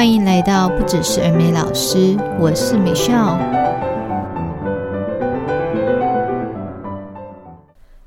歡迎來到不只是兒美老師，我是 Michelle。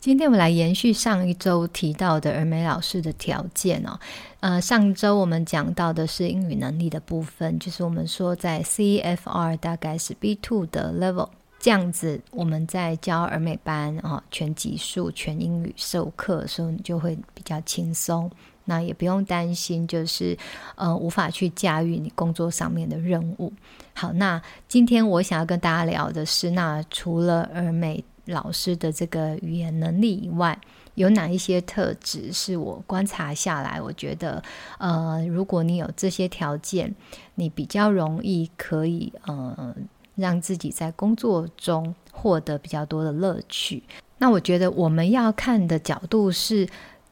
今天我們來延續上一周提到的兒美老師的條件哦。呃，上一周我們講到的是英語能力的部分，就是我們說在 CFR 大概是 B2 的 level。這樣子，我們在教兒美班啊、哦，全級數全英語授課的時候，所以你就會比較輕鬆，那也不用擔心，就是呃無法去駕馭你工作上面的任務。好，那今天我想要跟大家聊的是，那除了兒美老師的這個語言能力以外，有哪一些特質是我觀察下來，我覺得呃，如果你有這些條件，你比較容易可以呃。讓自己在工作中獲得比較多的樂趣。那我覺得我們要看的角度是，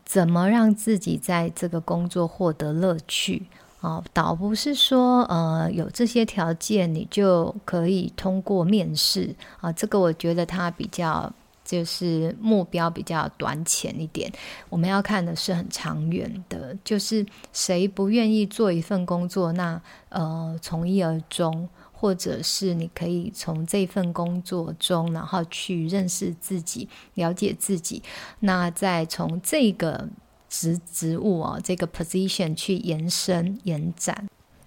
怎麼讓自己在這個工作獲得樂趣啊，呃？倒不是說呃有這些條件你就可以通過面試啊，呃。這個我覺得它比較就是目標比較短淺一點。我們要看的是很長遠的，就是誰不願意做一份工作，那呃從一而終。或者是你可以從這份工作中，然後去認識自己、了解自己，那再從這個職職務哦，這個 position 去延伸、延展。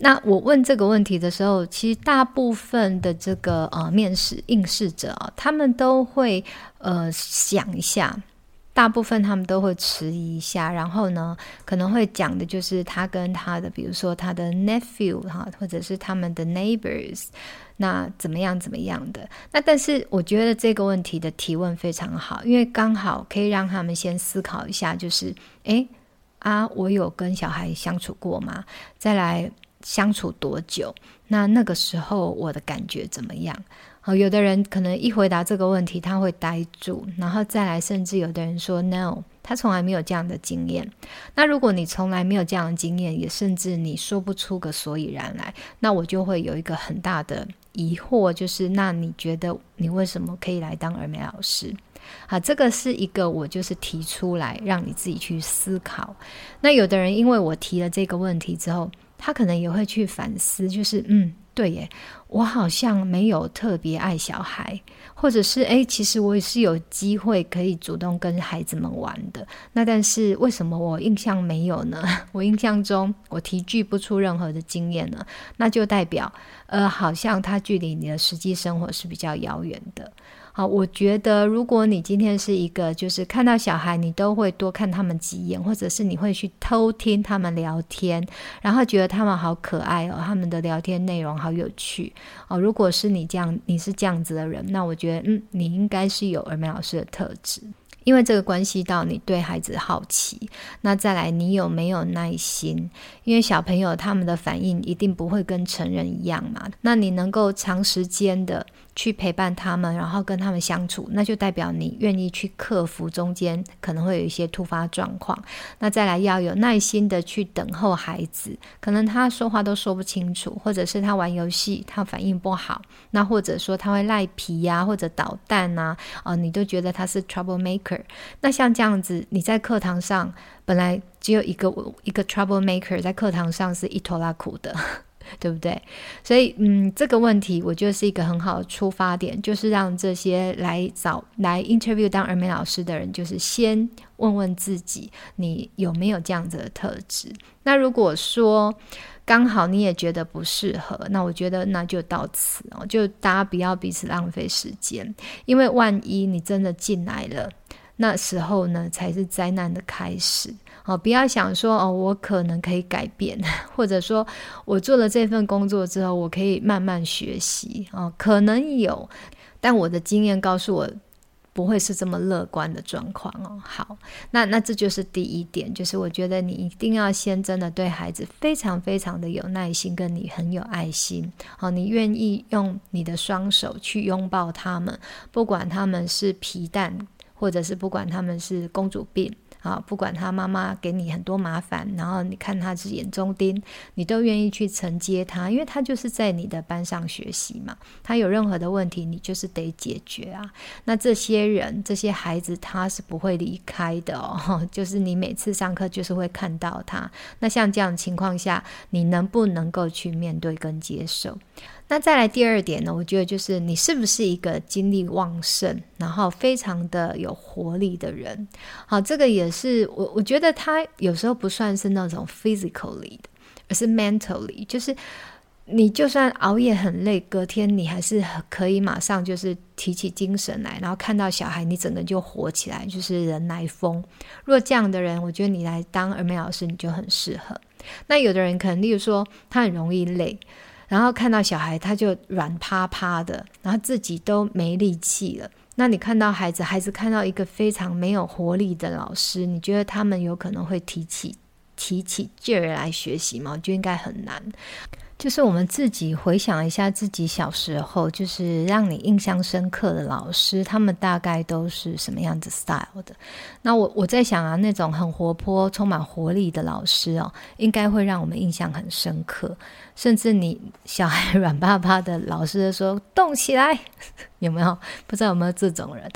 那我問這個問題的時候，其實大部分的這個呃面試應試者啊、哦，他們都會呃想一下，大部分他們都會遲疑一下，然後呢可能會講的就是他跟他的，比如說他的 nephew 哈，或者是他們的 neighbors，那怎麼樣怎麼樣的？那但是我覺得這個問題的提問非常好，因為剛好可以讓他們先思考一下，就是欸啊，我有跟小孩相處過嗎？再來。相處多久？那那個時候我的感覺怎麼樣？好，有的人可能一回答這個問題，他會呆住，然後再來，甚至有的人說 “no”，他從來沒有這樣的經驗。那如果你從來沒有這樣的經驗，也甚至你說不出個所以然來，那我就會有一個很大的疑惑，就是那你覺得你為什麼可以來當兒美老師？好，這個是一個我就是提出來讓你自己去思考。那有的人因為我提了這個問題之後，他可能也會去反思，就是嗯，對耶，我好像沒有特別愛小孩，或者是誒，其實我也是有機會可以主動跟孩子們玩的。那但是為什麼我印象沒有呢？我印象中我提舉不出任何的經驗呢？那就代表呃，好像它距離你的實際生活是比較遙遠的。好、哦，我覺得如果你今天是一個，就是看到小孩，你都會多看他們幾眼，或者是你會去偷聽他們聊天，然後覺得他們好可愛哦，他們的聊天內容好有趣哦。如果是你這樣，你是這樣子的人，那我覺得，嗯，你應該是有兒美老師的特質，因為這個關係到你對孩子好奇。那再來，你有沒有耐心？因為小朋友他們的反應一定不會跟成人一樣嘛，那你能夠長時間的。去陪伴他們，然後跟他們相處，那就代表你願意去克服中間可能會有一些突發狀況。那再來要有耐心的去等候孩子，可能他說話都說不清楚，或者是他玩遊戲他反應不好，那或者說他會賴皮呀、啊、或者搗蛋吶、啊，啊、呃，你都覺得他是 trouble maker。那像這樣子，你在課堂上本來只有一個一個 trouble maker，在課堂上是一拖拉庫的。對不對？所以，嗯，這個問題我覺得是一個很好的出發點，就是讓這些來找來 interview 當兒美老師的人，就是先問問自己，你有沒有這樣子的特質？那如果說剛好你也覺得不適合，那我覺得那就到此哦，就大家不要彼此浪費時間，因為萬一你真的進來了，那時候呢才是災難的開始。哦，不要想說哦，我可能可以改變，或者說我做了這份工作之後，我可以慢慢學習哦，可能有，但我的經驗告訴我，不會是這麼樂觀的狀況哦。好，那那這就是第一點，就是我覺得你一定要先真的對孩子非常非常的有耐心，跟你很有愛心哦，你願意用你的雙手去擁抱他們，不管他們是皮蛋，或者是不管他們是公主病。啊，不管他媽媽給你很多麻煩，然後你看他是眼中釘，你都願意去承接他，因為他就是在你的班上學習嘛，他有任何的問題，你就是得解決啊。那這些人、這些孩子，他是不會離開的哦，就是你每次上課就是會看到他。那像這樣的情況下，你能不能夠去面對跟接受？那再來第二點呢？我覺得就是你是不是一個精力旺盛，然後非常的有活力的人。好，這個也是我我覺得他有時候不算是那種 physically 的，而是 mentally，就是你就算熬夜很累，隔天你還是可以馬上就是提起精神來，然後看到小孩，你整個就活起來，就是人來瘋。如果這樣的人，我覺得你來當兒美老師你就很適合。那有的人可能，例如說他很容易累。然後看到小孩，他就軟趴趴的，然後自己都沒力氣了。那你看到孩子，孩子看到一個非常沒有活力的老師，你覺得他們有可能會提起提起勁兒來學習嗎？就應該很難。就是我們自己回想一下自己小時候，就是讓你印象深刻的老師，他們大概都是什麼樣子 style 的？那我我在想啊，那種很活潑、充滿活力的老師哦，應該會讓我們印象很深刻。甚至你小孩軟趴趴的，老師就說動起來，有沒有？不知道有沒有這種人？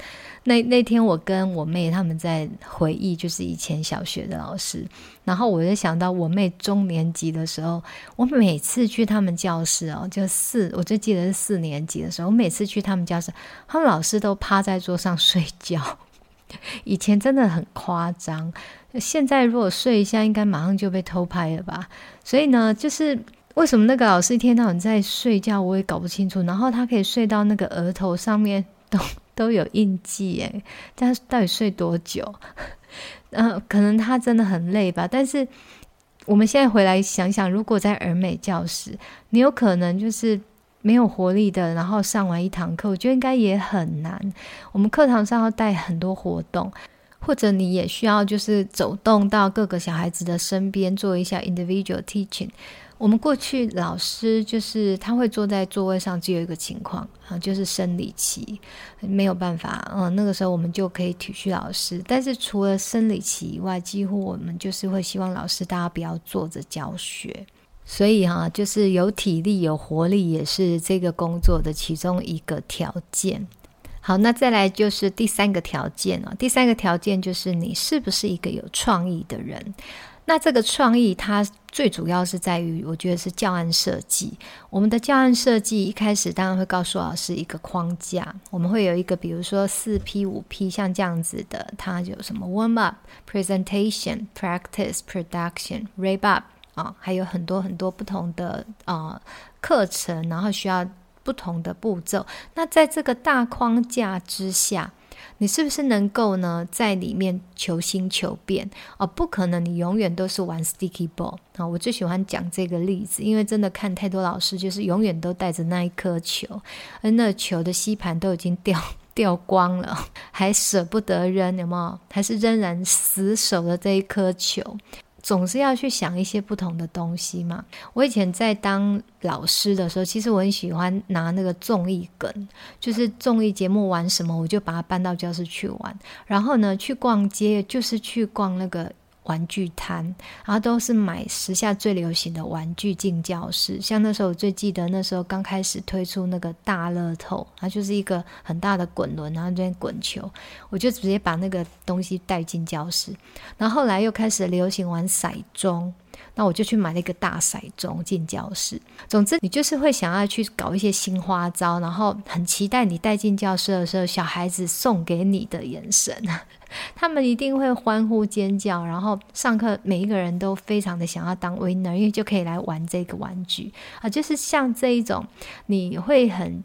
那那天我跟我妹他們在回憶，就是以前小學的老師。然後我就想到我妹中年級的時候，我每次去他們教室哦，就四，我就記得是四年級的時候，我每次去他們教室，他們老師都趴在桌上睡覺。以前真的很誇張，現在如果睡一下，應該馬上就被偷拍了吧？所以呢，就是。為什麼那個老師一天到晚在睡覺？我也搞不清楚。然後他可以睡到那個額頭上面都都有印記，欸，他到底睡多久？呃，可能他真的很累吧。但是我們現在回來想想，如果在兒美教室，你有可能就是沒有活力的，然後上完一堂課，我覺得應該也很難。我們課堂上要帶很多活動，或者你也需要就是走動到各個小孩子的身邊做一下 individual teaching。我們過去老師就是他會坐在座位上，只有一個情況啊，就是生理期沒有辦法。嗯，那個時候我們就可以體恤老師。但是除了生理期以外，幾乎我們就是會希望老師大家不要坐着教學。所以哈、啊，就是有體力、有活力，也是這個工作的其中一個條件。好，那再來就是第三個條件了、啊。第三個條件就是你是不是一個有創意的人。那這個創意，它最主要是在於，我覺得是教案設計。我們的教案設計一開始，當然會告訴老師一個框架，我們會有一個，比如說四 P 五 P 像這樣子的，它有什麼 warm up、presentation、practice、production、wrap up 啊、哦，還有很多很多不同的啊、呃、課程，然後需要不同的步驟。那在這個大框架之下，你是不是能夠呢，在裡面求新求變啊？不可能，你永遠都是玩 sticky ball 啊！我最喜歡講這個例子，因為真的看太多老師，就是永遠都帶着那一顆球，而那球的吸盤都已經掉掉光了，還捨不得扔，有沒有？還是仍然死守了這一顆球。總是要去想一些不同的東西嘛。我以前在當老師的時候，其實我很喜歡拿那個綜藝梗，就是綜藝節目玩什麼，我就把它搬到教室去玩。然後呢，去逛街就是去逛那個。玩具攤，然後都是買時下最流行的玩具進教室。像那時候，我最記得那時候剛開始推出那個大樂透，它就是一個很大的滾輪，然後這邊滾球，我就直接把那個東西帶進教室。然後後來又開始流行玩骰盅，那我就去買了一個大骰盅進教室。總之，你就是會想要去搞一些新花招，然後很期待你帶進教室的時候，小孩子送給你的眼神。他們一定會歡呼尖叫，然後上課每一個人都非常的想要當 winner，因為就可以來玩這個玩具啊！就是像這一種，你會很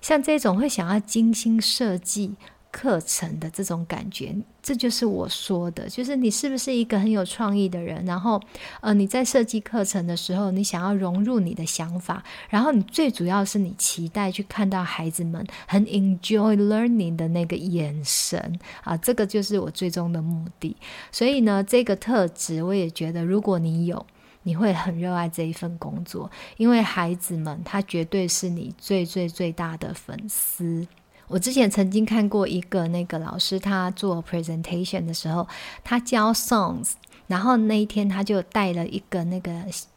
像這一種會想要精心設計。課程的這種感覺，這就是我說的，就是你是不是一個很有創意的人？然後，呃，你在設計課程的時候，你想要融入你的想法，然後你最主要是你期待去看到孩子們很 enjoy learning 的那個眼神啊，呃，這個就是我最終的目的。所以呢，這個特質我也覺得，如果你有，你會很熱愛這一份工作，因為孩子們他絕對是你最最最大的粉絲。我之前曾經看過一個那個老師，他做 presentation 的時候，他教 songs，然後那一天他就帶了一個那個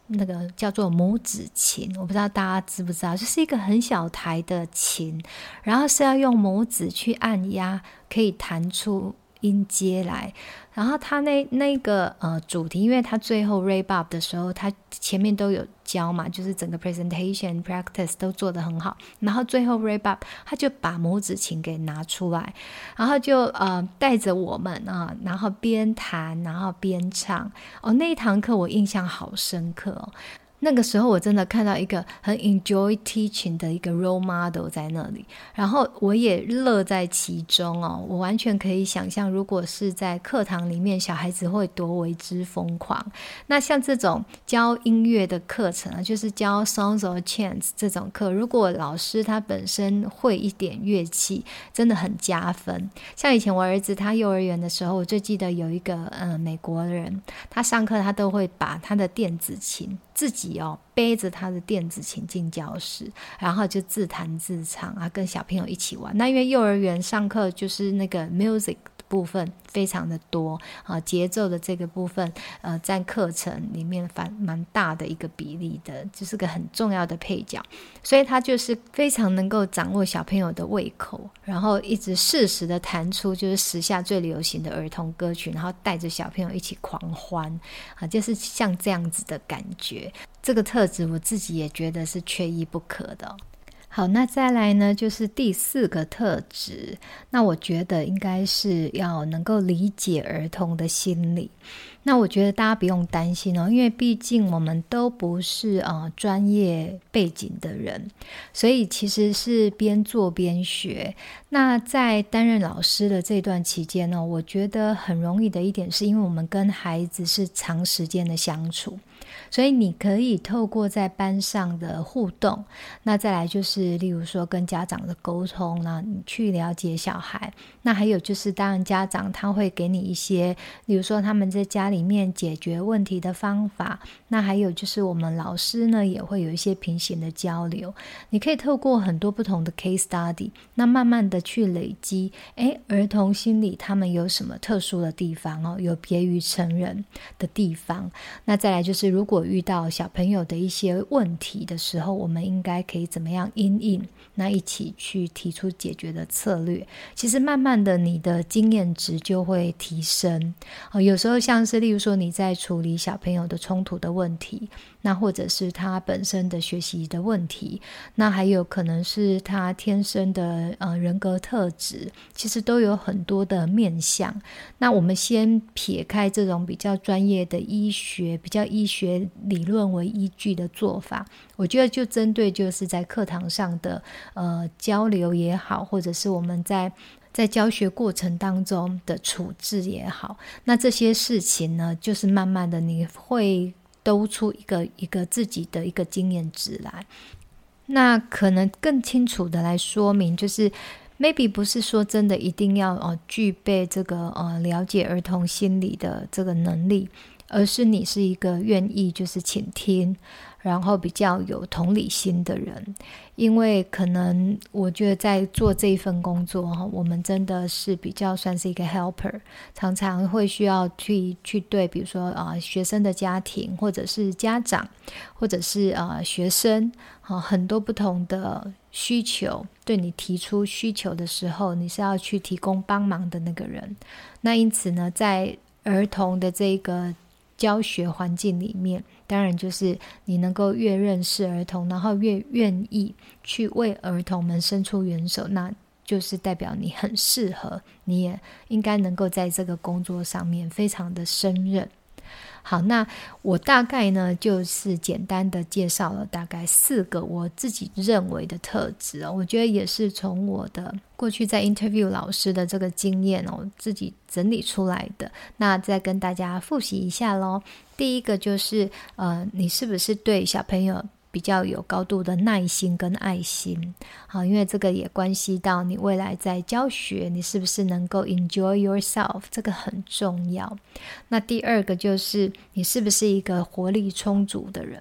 那個叫做拇指琴，我不知道大家知不知道，就是一個很小台的琴，然後是要用拇指去按壓，可以彈出音階來，然後他那那個呃主題，因為他最後 wrap up 的時候，他前面都有教嘛，就是整個 presentation practice 都做得很好，然後最後 wrap up，他就把拇指琴給拿出來，然後就呃帶着我們啊，然後邊彈然後邊唱，哦，那一堂課我印象好深刻哦。那個時候我真的看到一個很 enjoy teaching 的一個 role model 在那裡，然後我也樂在其中哦。我完全可以想象，如果是在課堂裡面，小孩子會多為之瘋狂。那像這種教音樂的課程啊，就是教 songs or chants 這種課，如果老師他本身會一點樂器，真的很加分。像以前我兒子他幼兒園的時候，我最記得有一個嗯、呃、美國人，他上課他都會把他的電子琴。自己哦，背着他的電子琴進教室，然後就自彈自唱啊，跟小朋友一起玩。那因為幼兒園上課就是那個 music。部分非常的多啊，節奏的這個部分，呃，在課程裡面佔蠻大的一個比例的。這，就是個很重要的配角，所以他就是非常能夠掌握小朋友的胃口，然後一直適時的彈出就是時下最流行的兒童歌曲，然後帶着小朋友一起狂歡啊，就是像這樣子的感覺，這個特質我自己也覺得是缺一不可的。好，那再來呢，就是第四個特質。那我覺得應該是要能夠理解兒童的心理。那我覺得大家不用擔心哦，因為畢竟我們都不是呃專業背景的人，所以其實是邊做邊學。那在擔任老師的這段期間呢，我覺得很容易的一點是因為我們跟孩子是長時間的相處。所以你可以透過在班上的互動，那再來就是例如說跟家長的溝通呢啊，你去了解小孩。那還有就是當然家長他會給你一些，比如說他們在家裡面解決問題的方法。那還有就是我們老師呢也會有一些平行的交流。你可以透過很多不同的 case study，那慢慢的去累積，誒，兒童心理他們有什麼特殊的地方哦，有別於成人的地方。那再來就是如果遇到小朋友的一些問題的時候，我們應該可以怎麼樣因應？那一起去提出解決的策略，其實慢慢的，你的經驗值就會提升。哦，有時候像是例如說你在處理小朋友的衝突的問題。那或者是他本身的學習的問題，那還有可能是他天生的呃人格特質，其實都有很多的面向。那我們先撇開這種比較專業的醫學、比較醫學理論為依據的做法，我覺得就針對就是在課堂上的呃交流也好，或者是我們在在教學過程當中的處置也好，那這些事情呢，就是慢慢的你會。都出一個一個自己的一個經驗值來，那可能更清楚的來說明，就是 maybe 不是說真的一定要哦、呃、具備這個呃了解兒童心理的這個能力，而是你是一個願意就是傾聽。然後比較有同理心的人，因為可能我覺得在做這一份工作，我們真的是比較算是一個 helper，常常會需要去去對，比如說啊、呃、學生的家庭，或者是家長，或者是啊、呃、學生，啊、呃、很多不同的需求對你提出需求的時候，你是要去提供幫忙的那個人。那因此呢，在兒童的這個。教學環境裡面，當然就是你能夠越認識兒童，然後越願意去為兒童們伸出援手，那就是代表你很適合，你也應該能夠在這個工作上面非常的勝任。好，那我大概呢，就是簡單的介紹了大概四個我自己認為的特質哦。我覺得也是從我的過去在 interview 老師的這個經驗哦，自己整理出來的。那再跟大家複習一下咯。第一個就是，呃，你是不是對小朋友，比較有高度的耐心跟愛心，啊，因為這個也關係到你未來在教學，你是不是能夠 enjoy yourself，這個很重要。那第二個就是你是不是一個活力充足的人，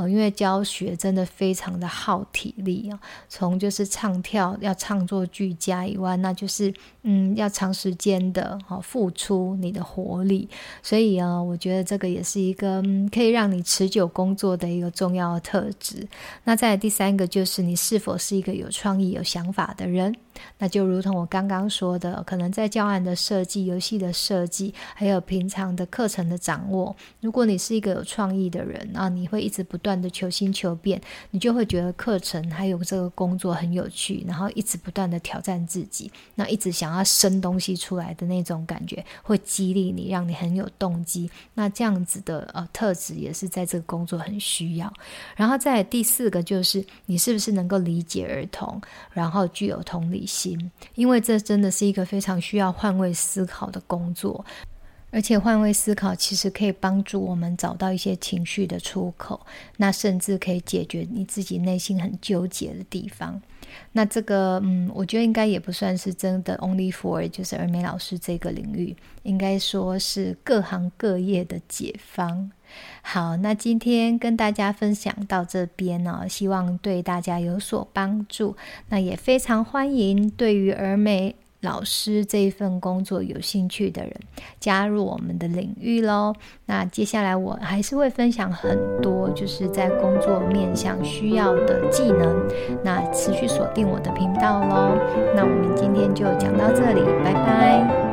因為教學真的非常的耗體力啊，從就是唱跳要唱作俱佳以外，那就是嗯，要長時間的哦付出你的活力，所以啊，我覺得這個也是一個可以讓你持久工作的一個重要的特值。那再來第三個，就是你是否是一個有創意、有想法的人？那就如同我剛剛說的，可能在教案的設計、遊戲的設計，還有平常的課程的掌握，如果你是一個有創意的人，那、啊、你會一直不斷的求新求變，你就會覺得課程還有這個工作很有趣，然後一直不斷的挑戰自己，那一直想要生東西出來的那種感覺，會激勵你，讓你很有動機。那這樣子的呃特質也是在這個工作很需要，然後。再第四個，就是你是不是能夠理解兒童，然後具有同理心？因為這真的是一個非常需要換位思考的工作，而且換位思考其實可以幫助我們找到一些情緒的出口，那甚至可以解決你自己內心很糾結的地方。那這個，嗯，我覺得應該也不算是真的 only for 就是兒美老師這個領域，應該說是各行各業的解方。好，那今天跟大家分享到這邊呢、哦，希望對大家有所幫助。那也非常歡迎對於兒美。老師這一份工作有興趣的人，加入我們的領域嘍。那接下來我還是會分享很多，就是在工作面向需要的技能。那持續鎖定我的頻道嘍。那我們今天就講到這裡，拜拜。